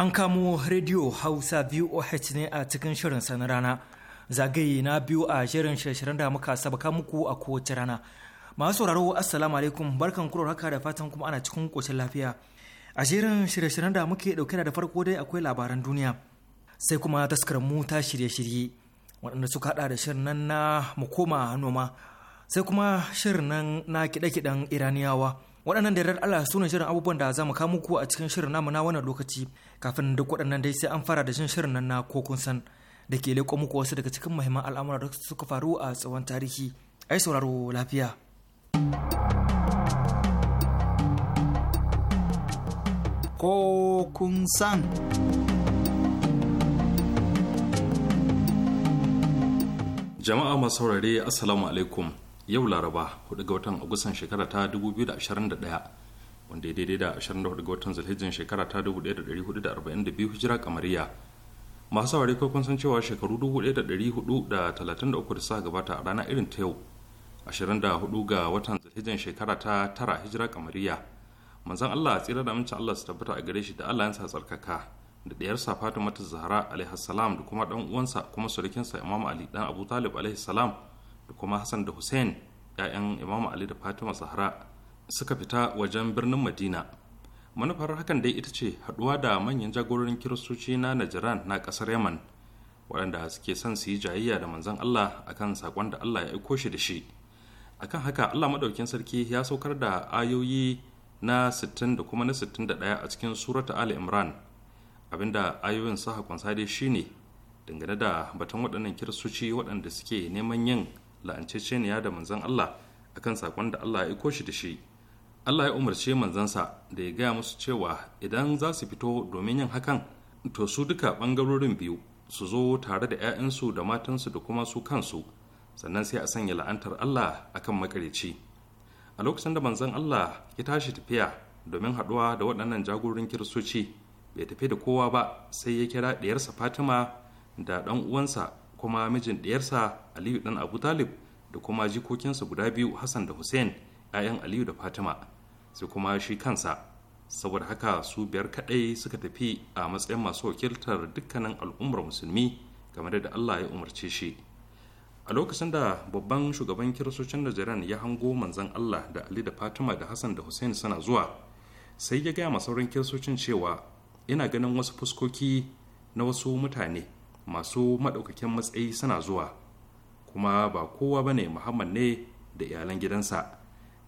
An kamo rediyo Hausa VOH ne a cikin shirin sa rana. Zagaye na biyu a shirin shirin da muka sabaka muku a kowace rana. Masu sauraro Assalamu alaikum barkan kuro haka da fatan kuma ana cikin koshin lafiya. A shirin shirye-shiryen da muke ɗauke da farko dai akwai labaran duniya. Sai kuma taskarar mu ta shirye-shirye waɗanda suka hada da shirin nan na mu koma noma. Sai kuma shirin nan na kiɗe-kiɗen Iraniyawa. Waɗannan da Allah su ne shirin abubuwan da za mu kawo muku a cikin shirin namu na wannan lokaci. kafin duk waɗannan dai sai an fara da shin shirin nan na kokun san da ke leƙo muku wasu daga cikin mahimman al'amura da suka faru a tsawon tarihi ai sauraro lafiya kokun san jama'a masu saurare assalamu alaikum yau laraba 4 ga watan agusan shekara ta 2021 wanda ya daidai da 24 ga watan zulhijjin shekara ta 1442 hijira kamariya masu saurari ko kun san cewa shekaru 1433 da suka gabata a ranar irin ta yau 24 ga watan zulhijjin shekara ta tara hijira kamariya manzon Allah tsira da amincin Allah su tabbata a gare shi da Allah yansa tsarkaka da ɗiyarsa Fatima ta Zahra alaihi salam da kuma dan uwansa kuma surukinsa Imam Ali dan Abu Talib alaihi salam da kuma Hassan da Hussein ƴaƴan Imam Ali da Fatima Zahra suka fita wajen birnin madina manufar hakan dai ita ce haɗuwa da manyan jagororin kiristoci na najiran na ƙasar yaman waɗanda suke son su yi jayayya da manzon allah akan saƙon da allah ya aiko shi da shi akan haka allah maɗaukin sarki ya saukar da ayoyi na 60 da kuma na 61 a cikin surata ali imran abinda ayoyin sa kunsa dai shine dangane da batun waɗannan kiristoci waɗanda suke neman yin la'anceceniya da manzon allah akan saƙon da allah ya aiko shi da shi allah ya umarce manzansa da ya gaya musu cewa idan za su fito domin yin hakan to su duka ɓangarorin biyu su zo tare da 'ya'yansu da matansu da kuma su kansu sannan sai a sanya la'antar allah akan makareci a lokacin da manzan allah ya tashi tafiya domin haɗuwa da waɗannan jagorin kiristoci bai tafi da kowa ba sai ya kira ɗiyarsa fatima da ɗan uwansa kuma mijin ɗiyarsa aliyu ɗan abu talib da kuma jikokinsa guda biyu hassan da hussein 'ya'yan aliyu da fatima sai kuma shi kansa saboda haka su biyar kaɗai suka tafi a matsayin masu wakiltar dukkanin al'ummar musulmi game da allah ya umarce shi a lokacin da babban shugaban kiristocin najeriya ya hango manzan allah da ali da fatima da hassan da hussein suna zuwa sai ya gaya sauran kiristocin cewa ina ganin wasu fuskoki na wasu mutane masu maɗaukakin matsayi suna zuwa kuma ba kowa ba ne muhammad ne da iyalan gidansa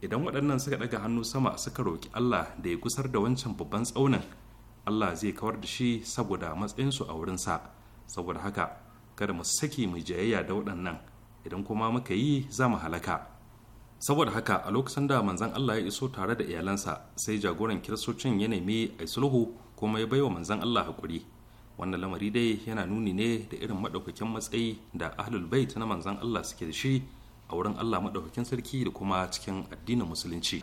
idan waɗannan suka ɗaga hannu sama suka roƙi allah da ya gusar da wancan babban tsaunin allah zai kawar da shi saboda matsayinsu a wurinsa saboda haka kada mu saki mu jayayya da waɗannan idan kuma muka yi za mu halaka saboda haka a lokacin da manzon allah ya iso tare da iyalansa sai jagoran kiristocin ya nemi a sulhu kuma ya baiwa manzon allah hakuri wannan lamari dai yana nuni ne da irin maɗaukakin matsayi da ahlul bait na manzon allah suke da shi a wurin Allah maɗaukakin sarki da kuma cikin addinin musulunci.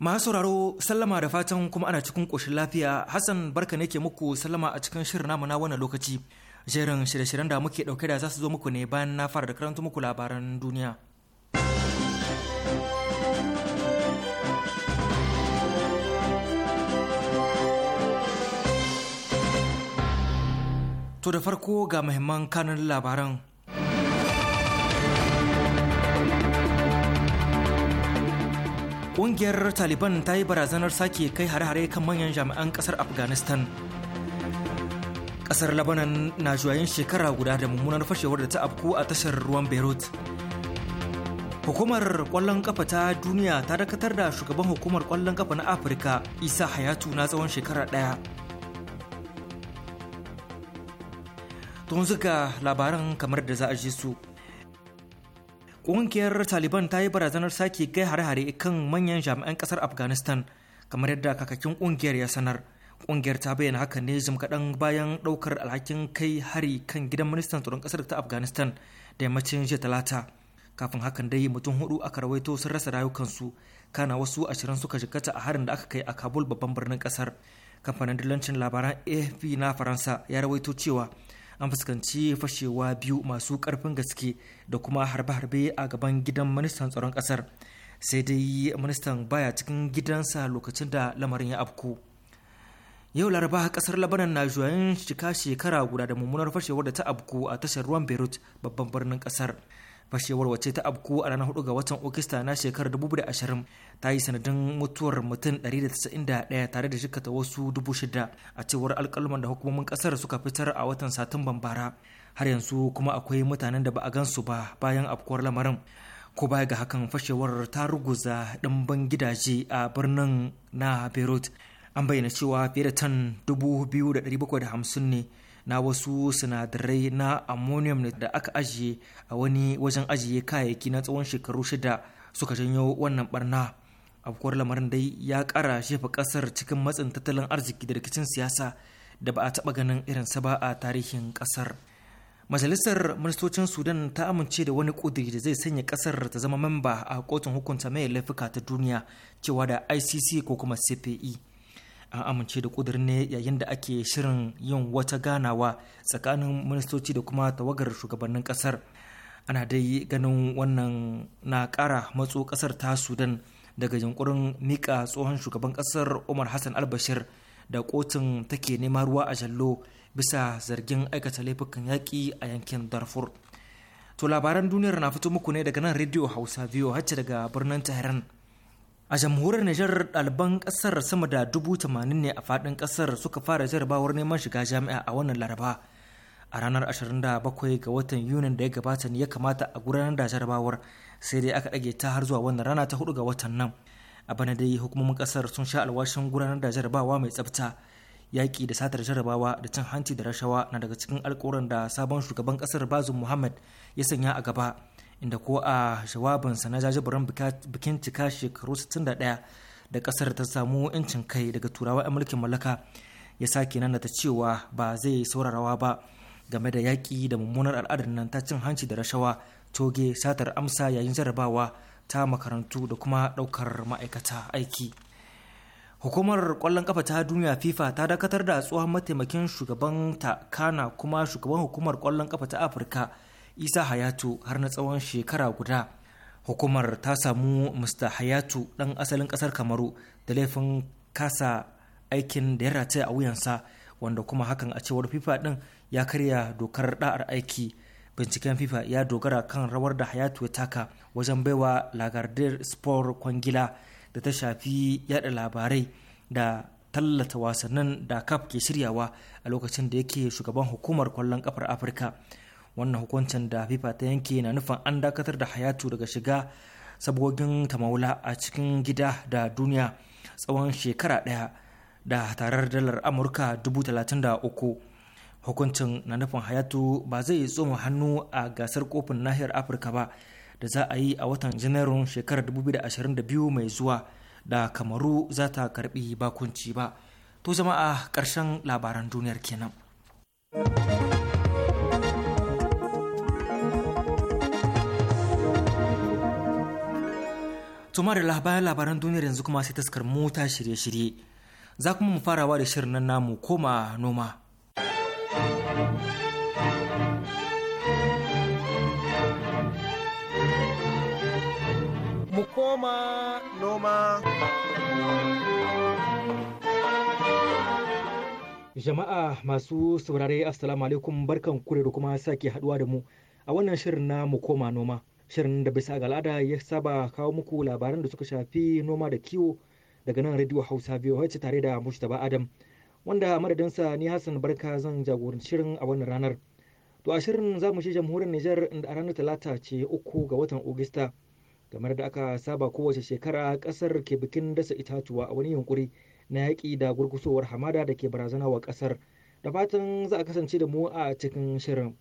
Masu sauraro sallama da fatan kuma ana cikin ƙoshin lafiya Hassan barka ne ke muku sallama a cikin shirin namu na wannan lokaci. Jerin shirye-shiryen da muke ɗauke da za su zo muku ne bayan na fara da karanta muku labaran duniya. To da farko ga muhimman kanun labaran Ƙungiyar Taliban ta yi barazanar sake kai hare-hare kan manyan jami'an ƙasar Afghanistan. Ƙasar Labanan na juyayin shekara guda da mummunar fashewar da ta afku a tashar ruwan Beirut. Hukumar ƙwallon ƙafa ta duniya ta dakatar da shugaban hukumar ƙwallon ƙafa na Afirka Isa Hayatu na tsawon shekara ɗaya. Tun zuga labaran kamar da za a ji su. ƙungiyar taliban ta yi barazanar sake kai hare-hare kan manyan jami'an kasar afghanistan kamar yadda kakakin ƙungiyar ya sanar ƙungiyar ta bayyana haka ne jim kaɗan bayan ɗaukar alhakin kai hari kan gidan ministan tsaron ƙasar ta afghanistan da yammacin jiya talata kafin hakan dai mutum hudu aka rawaito sun rasa rayukansu kana wasu ashirin suka jikata a harin da aka kai a kabul babban birnin ƙasar kamfanin dillancin labaran afp na faransa ya rawaito cewa an fuskanci fashewa biyu masu karfin gaske da kuma harbe-harbe a gaban gidan ministan tsaron kasar sai dai ministan baya cikin gidansa lokacin da lamarin ya afku yau laraba kasar labanan na juyayin shika shekara guda da mummunar fashewar da ta afku a tashar ruwan beirut babban birnin kasar fashewar wace ta abku a ranar 4 ga watan okista na shekarar 2020 ta yi sanadin mutuwar mutum 191 tare da jikata wasu 6,000 a cewar alkalman da hukumomin kasar suka fitar a watan satumban bara har yanzu kuma akwai mutanen da ba a gansu ba bayan afkuwar lamarin ko baya ga hakan fashewar ta ruguza ɗimbin gidaje a birnin na beirut an bayyana cewa fiye da tan 2,750 ne na wasu sinadarai na ammonium da aka ajiye a wani wajen ajiye kayayyaki na tsawon shekaru shida suka janyo wannan barna afkuwar lamarin dai ya kara shefa kasar cikin matsin tattalin arziki da rikicin siyasa da ba a taba ganin irinsa ba a tarihin kasar majalisar ministocin sudan ta amince da wani kudiri da zai sanya kasar ta zama memba a kotun hukunta mai laifuka ta duniya cewa da icc ko kuma cpe an amince da kudirin ne yayin da ake shirin yin wata ganawa tsakanin ministoci da kuma tawagar shugabannin kasar ana dai ganin wannan na kara matso kasar ta sudan daga yunkurin mika tsohon shugaban kasar umar hassan albashir da kotun take nema ruwa a jallo bisa zargin aikata laifukan yaƙi a yankin darfur to labaran duniyar na fito muku ne daga nan radio hausa biyu hacce daga birnin tehran a jamhuriyar Nijar ɗaliban ƙasar sama da dubu tamanin ne a faɗin ƙasar suka fara jarabawar neman shiga jami'a a wannan laraba a ranar 27 ga watan yunin da ya gabata ne ya kamata a gudanar da jarabawar sai dai aka ɗage ta har zuwa wannan rana ta hudu ga watan nan a bana dai hukumomin ƙasar sun sha alwashin gudanar da jarabawa mai tsabta yaƙi da satar jarabawa da cin hanci da rashawa na daga cikin alƙawuran da sabon shugaban ƙasar bazum muhammad ya sanya a gaba inda ko a jawabinsa na jajibirin bikin cika shekaru 61 da kasar ta samu 'yancin kai daga turawa 'yan mulkin mallaka ya sake ta cewa ba zai saurarawa ba game da yaƙi da mummunar al'adar nan ta cin hanci da rashawa toge satar amsa yayin jarabawa ta makarantu da kuma ɗaukar ma'aikata aiki hukumar kwallon kafa ta duniya fifa ta dakatar da tsohon mataimakin shugaban ta kana kuma shugaban hukumar kwallon kafa ta afirka isa hayatu har na tsawon shekara guda hukumar ta samu mr hayatu ɗan asalin ƙasar kamaru da laifin kasa aikin da ya rataya a wuyansa wanda kuma hakan a cewar fifa ɗin ya karya dokar da'ar aiki binciken fifa ya dogara kan rawar da hayatu ya taka wajen baiwa lagardere sport kwangila da ta shafi yada labarai da tallata wasannin da kaf ke shiryawa a lokacin da yake shugaban hukumar kwallon kafar afirka wannan hukuncin da fifa ta yanke na nufin an dakatar da hayatu daga shiga sabogin tamaula a cikin gida da duniya tsawon shekara daya da tarar dalar amurka 33 hukuncin na nufin hayatu ba zai tsoma hannu a gasar kofin nahiyar afirka ba da za a yi a watan janairun shekarar 2022 mai zuwa da kamaru za ta karbi bakunci ba to jama'a ƙarshen labaran duniyar kenan. Tumar da bayan labaran duniyar yanzu kuma sai taskar mota shirye-shirye. Za kuma mu farawa da shirin nan namu koma noma. Mu koma noma. Jama'a masu saurare Assalamu alaikum barkan kure da kuma sake haduwa da mu a wannan shirin na mu koma noma. shirin da bisa ga al'ada ya saba kawo muku labaran da suka shafi noma da kiwo daga nan radio hausa biyu wacce tare da mustapha adam wanda madadinsa ni hassan barka zan jagoranci shirin a wannan ranar to a shirin za mu shi jamhuriyar nijar inda a ranar talata ce uku ga watan ogista kamar da aka saba kowace shekara kasar ke bikin dasa itatuwa a wani yunkuri na yaƙi da gurgusowar hamada da ke barazana wa kasar da fatan za a kasance da mu a cikin shirin.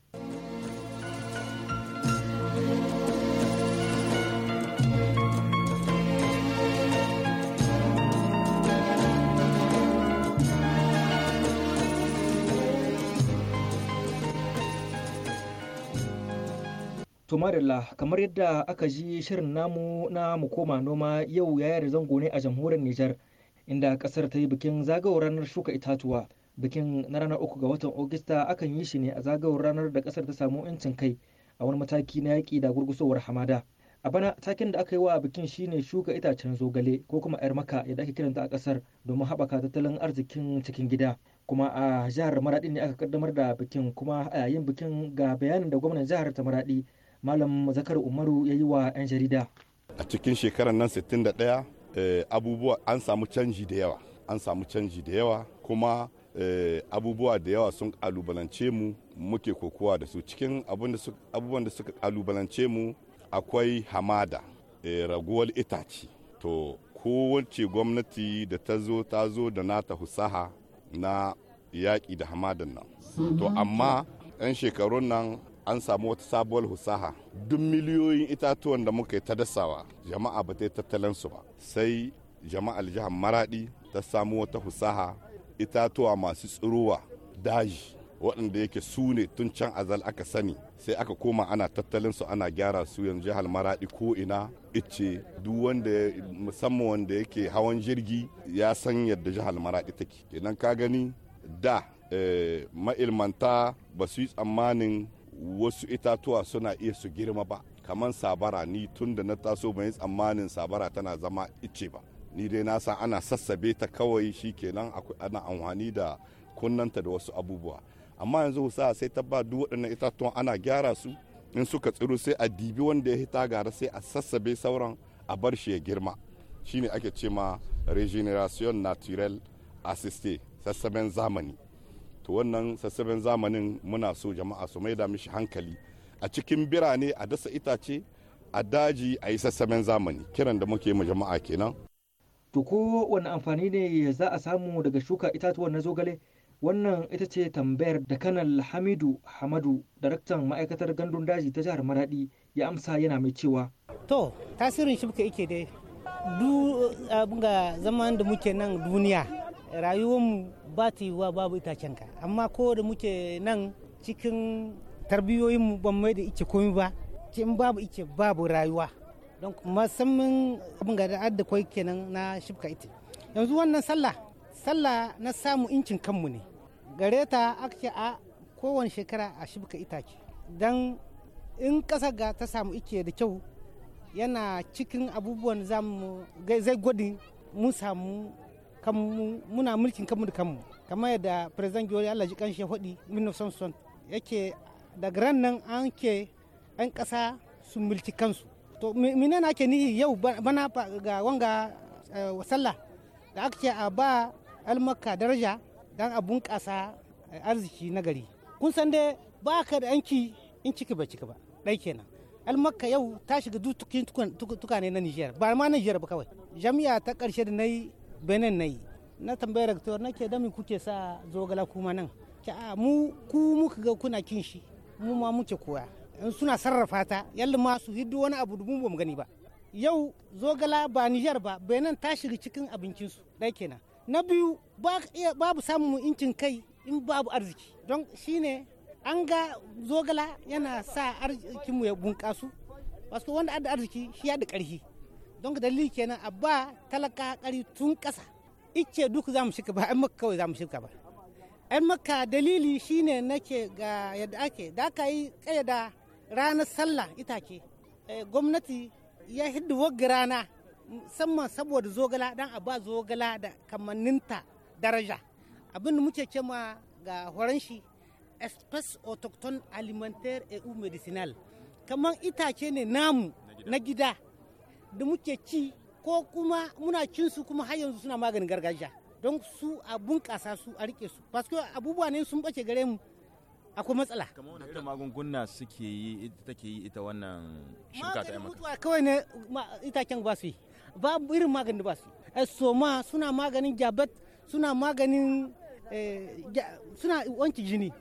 Tumarilla kamar yadda aka ji shirin namu na mu koma noma yau yaya da zango ne a jamhuriyar Nijar inda kasar ta yi bikin zagawar ranar shuka itatuwa. Bikin na ranar uku ga watan Ogista akan yi shi ne a zagawar ranar da kasar ta samu 'yancin kai a wani mataki na yaƙi da gurgusowar hamada. A bana takin da aka yi wa bikin shine shuka itacen zogale ko kuma 'yar maka yadda ake kiranta a kasar domin haɓaka tattalin arzikin cikin gida. kuma a jihar maradi ne aka kaddamar da bikin kuma a yayin bikin ga bayanin da gwamnan jihar ta maradi malam zakar umaru ya yi wa 'yan jarida a cikin shekarar nan 61 eh, abubuwa an samu canji da yawa an samu canji da yawa kuma eh, abubuwa da yawa sun kalubalance mu muke kokowa da su cikin abubuwan da suka kalubalance mu akwai hamada eh, raguwar itace to kowace gwamnati da ta zo ta zo da nata husaha na yaƙi da hamadan nan to amma 'yan shekarun nan an samu wata sabuwar husaha duk miliyoyin itatuwan da muka yi ta dasawa jama'a ba ta yi tattalin su ba sai jama'ar jihar maradi ta samu wata husaha itatuwa masu tsiruwa daji waɗanda yake su ne tun can azal aka sani sai aka koma ana tattalin su ana gyara su yanzu jihar maradi ko ina ice duk wanda musamman wanda yake hawan jirgi ya san yadda jihar maradi take idan ka gani da eh, ma'ilmanta ba su yi tsammanin wasu itatuwa suna iya su girma ba kamar sabara ni tun da na taso ban yi tsammanin sabara tana zama icce ba ni dai na san ana sassabe ta kawai shi kenan ana amfani da kunnanta da wasu abubuwa amma yanzu sa sai ta ba duk waɗannan itatuwan ana gyara su in suka tsiro sai a dibi wanda ya hita gara sai a sassabe sauran a bar shi ya girma shine ake ce ma regeneration naturel assistée sassaben zamani to wannan sassaben zamanin muna so jama'a su maida mishi hankali a cikin birane a dasa itace a daji a yi sassaben zamani kiran da muke ma jama'a kenan to ko wani amfani ne za a samu daga shuka itatuwan na zogale wannan ita ce tambayar da kanal hamidu hamadu daraktan ma'aikatar gandun daji ta jihar maradi ya amsa yana mai cewa to tasirin shibka yake dai du eh, abin ga zaman da muke nan duniya rayuwarmu ba ta yiwuwa babu itacen ka amma ko da muke nan cikin tarbiyoyinmu ban mai da ice komi ba in babu ice babu rayuwa don musamman abin ga da kwai kenan na shifka ita yanzu wannan sallah sallah na samu incin kanmu ne gare ta aka ce a kowane shekara a shifka itace don in ƙasar ga ta samu ike da kyau yana cikin abubuwan zai gwadi mu samu muna mulkin kanmu da kanmu kamar yadda president gori allah ji kanshi ya faɗi minna samson yake daga ran nan an ke 'yan ƙasa su mulki kansu to mine na ke nihi yau bana ga wanga eh, sallah da aka ce a ba almakka daraja don a bunƙasa eh, arziki na gari kun san dai ba ka da yanki in ciki ba ciki ba ɗai kenan almakka yau ta shiga duk tukane na nijar ba ma nijar ba kawai jami'a ta ƙarshe da na yi benin na yi na tambaya rektor nake da min kuke sa zogala kuma nan ki a mu ku muka ga kuna kin shi mu ma muke koya in suna sarrafa ta yalla ma su hiddu wani abu dubu mu gani ba yau zogala ba Nijar ba benin ta shiga cikin abincin su ɗaya kenan na biyu babu samun incin kai in babu arziki don shine an ga zogala yana sa arzikinmu ya bunkasu wasu wanda da arziki shi ya da karfi don ka dalili kenan a ba talaka kari tun kasa ice duk za mu shika ba ai makka kawai za mu shika ba ai maka dalili shine nake ga yadda ake da ka yi kayyada ranar sallah ke eh, gwamnati ya hiddu wagga rana musamman saboda zogala dan a ba zogala da kamanninta daraja abin da muke cewa ga horon shi espèce autochtone alimentaire et ou medicinal kamar itace ne namu na gida da muke ci ko kuma muna cin su kuma har yanzu suna maganin gargajiya don su a bunƙasa su a rike su paske abubuwa ne sun bace gare mu akwai matsala kamar wani irin magunguna suke yi take yi ita wannan shuka ta mutuwa kawai ne itaken ba su yi babu irin maganin ba su yi eh, soma suna maganin jabat suna maganin eh, suna wanki jini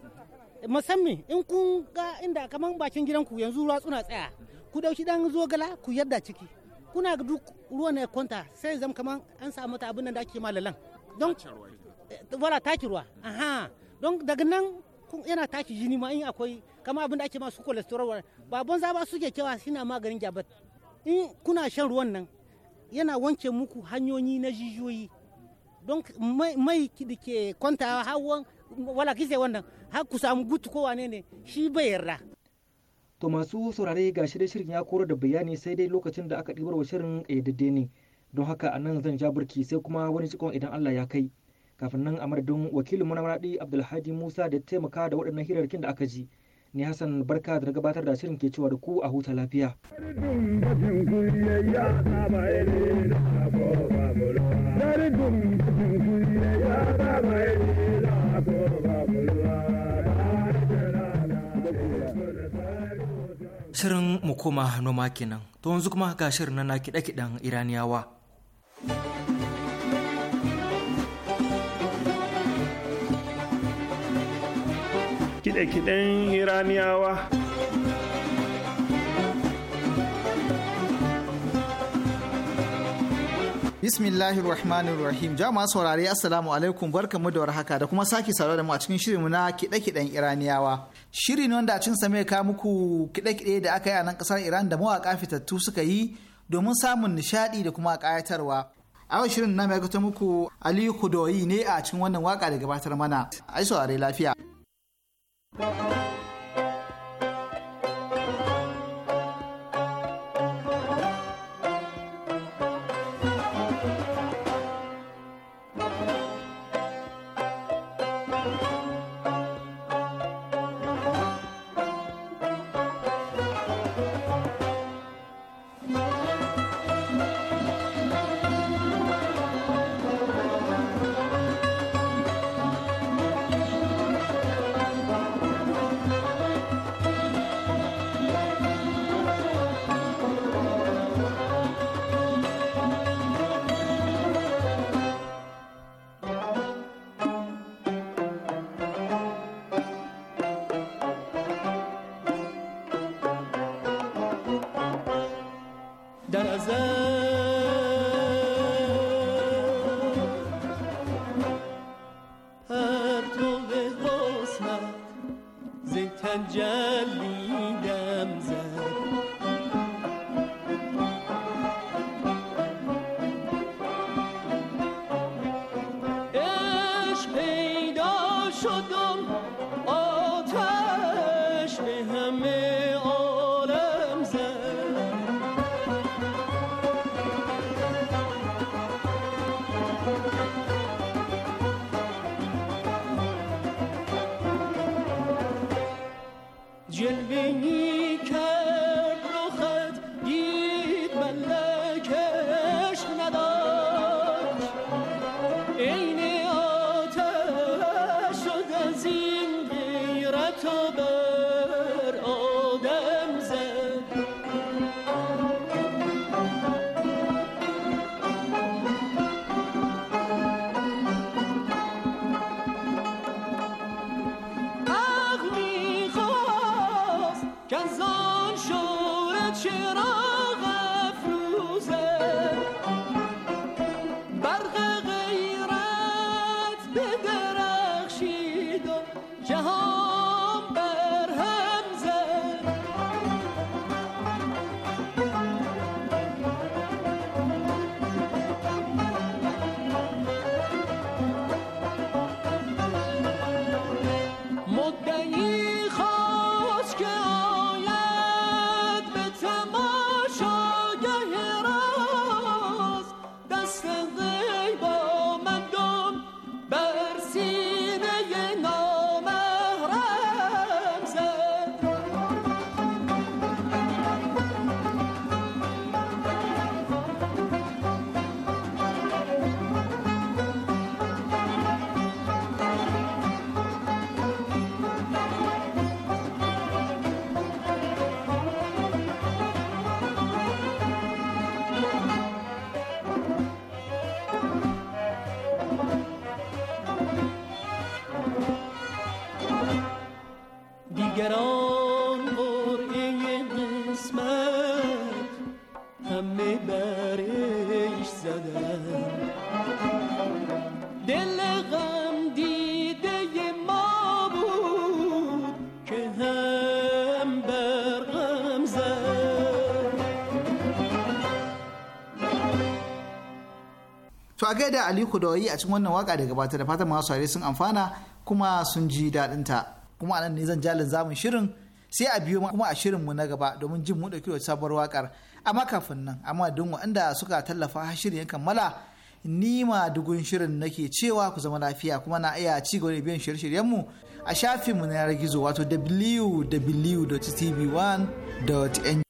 musamman in kun ga inda kamar bakin gidanku yanzu ruwa suna tsaya ku dauki dan zogala ku yadda ciki kuna duk ruwan ya kwanta sai zama kamar an samu mata abin da ake malalan don eh, wala taki ruwa aha don daga nan yana taki jini ma in akwai kama abin da ake masu cholesterol babban zaba suke kewa suna maganin jabat in kuna shan ruwan nan yana wanke muku hanyoyi na jijiyoyi don mai da ke kwanta hawan wala kise wannan har ku samu gutu ko wane ne shi bai yarda to masu saurare ga shirye shirin ya koro da bayani sai dai lokacin da aka ɗibar wa shirin ƙayyadadde ne don haka a nan zan ja burki sai kuma wani cikon idan Allah ya kai kafin nan a madadin wakilin mu na maradi Abdulhadi Musa da taimaka da waɗannan hirarkin da aka ji ni Hassan barka da na gabatar da shirin ke cewa da ku a huta lafiya Shirin mu koma noma kenan. To yanzu kuma ga shirin na kiɗe-kiɗen Iraniyawa. Kiɗe-kiɗen Iraniyawa. Bismillahir Rahmanir Rahim. Jama'a saurare Assalamu alaikum barkamu da warhaka da kuma sake saurare da mu a cikin shirinmu na kiɗe-kiɗen Iraniyawa. Shiri ne wanda a cikin same ka muku kiɗe-kiɗe da aka yi a nan ƙasar Iran da mawaƙa fitattu suka yi domin samun nishaɗi da kuma ƙayatarwa. A shirin na mai muku Aliyu Kudoyi ne a cikin wannan waka da gabatar mana. Ai saurare lafiya. tecelli To da gaida Aliko da wayi a cikin wannan waka da gabata da fatan masu saurare sun amfana kuma sun ji daɗin ta. Kuma anan ne zan jalin zamun shirin sai a biyo kuma a shirin mu na gaba domin jin mu da kiwo sabuwar wakar. Amma kafin nan amma don waɗanda suka tallafa har shirin kammala ni ma dugun shirin nake cewa ku zama lafiya kuma na iya ci gaba da biyan shirye-shiryen mu a mu na yanar gizo wato www.tv1.ng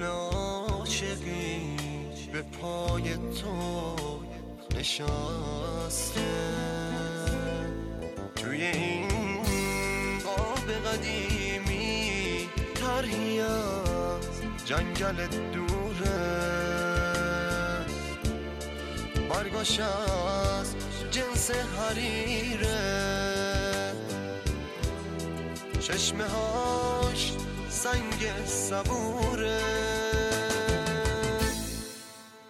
مثل عاشقی به پای تو نشسته توی این آب قدیمی ترهی از جنگل دوره برگاش از جنس حریره چشمه هاش سنگ صبوره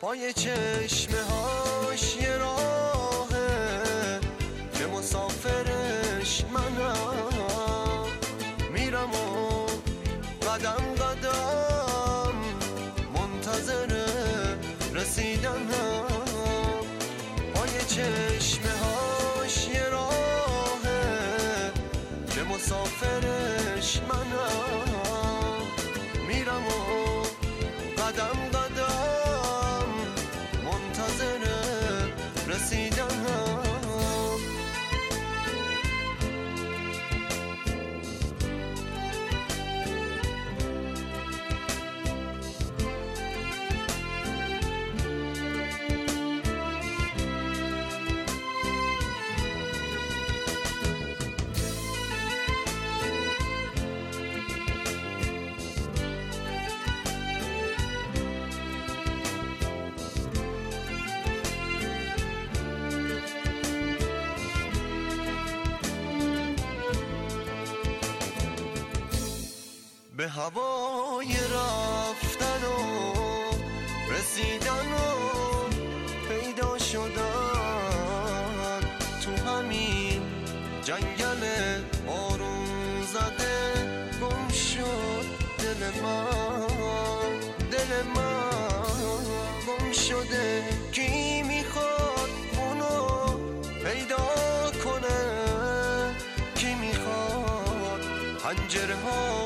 پای چشمه هاش یه راهه که مسافرش منم میرم و قدم قدم منتظر رسیدن پای چشمه هاش یه راهه که مسافرش به هوای رفتن و رسیدن و پیدا شدن تو همین جنگل آروم زده گم شد دل من دل من گم شده کی میخواد اونو پیدا کنه کی میخواد پنجره ها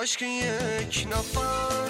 Acho que é que não nafar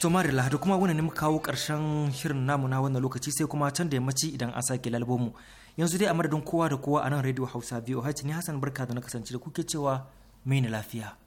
Tomarila da kuma wani ne muka kawo ƙarshen shirin namu na wannan lokaci sai kuma can da yammaci idan an sake lalbomu. Yanzu dai a madadin kowa da kowa a nan Radio Hausa VOH ne Hassan Barka da na kasance da kuke cewa mai lafiya.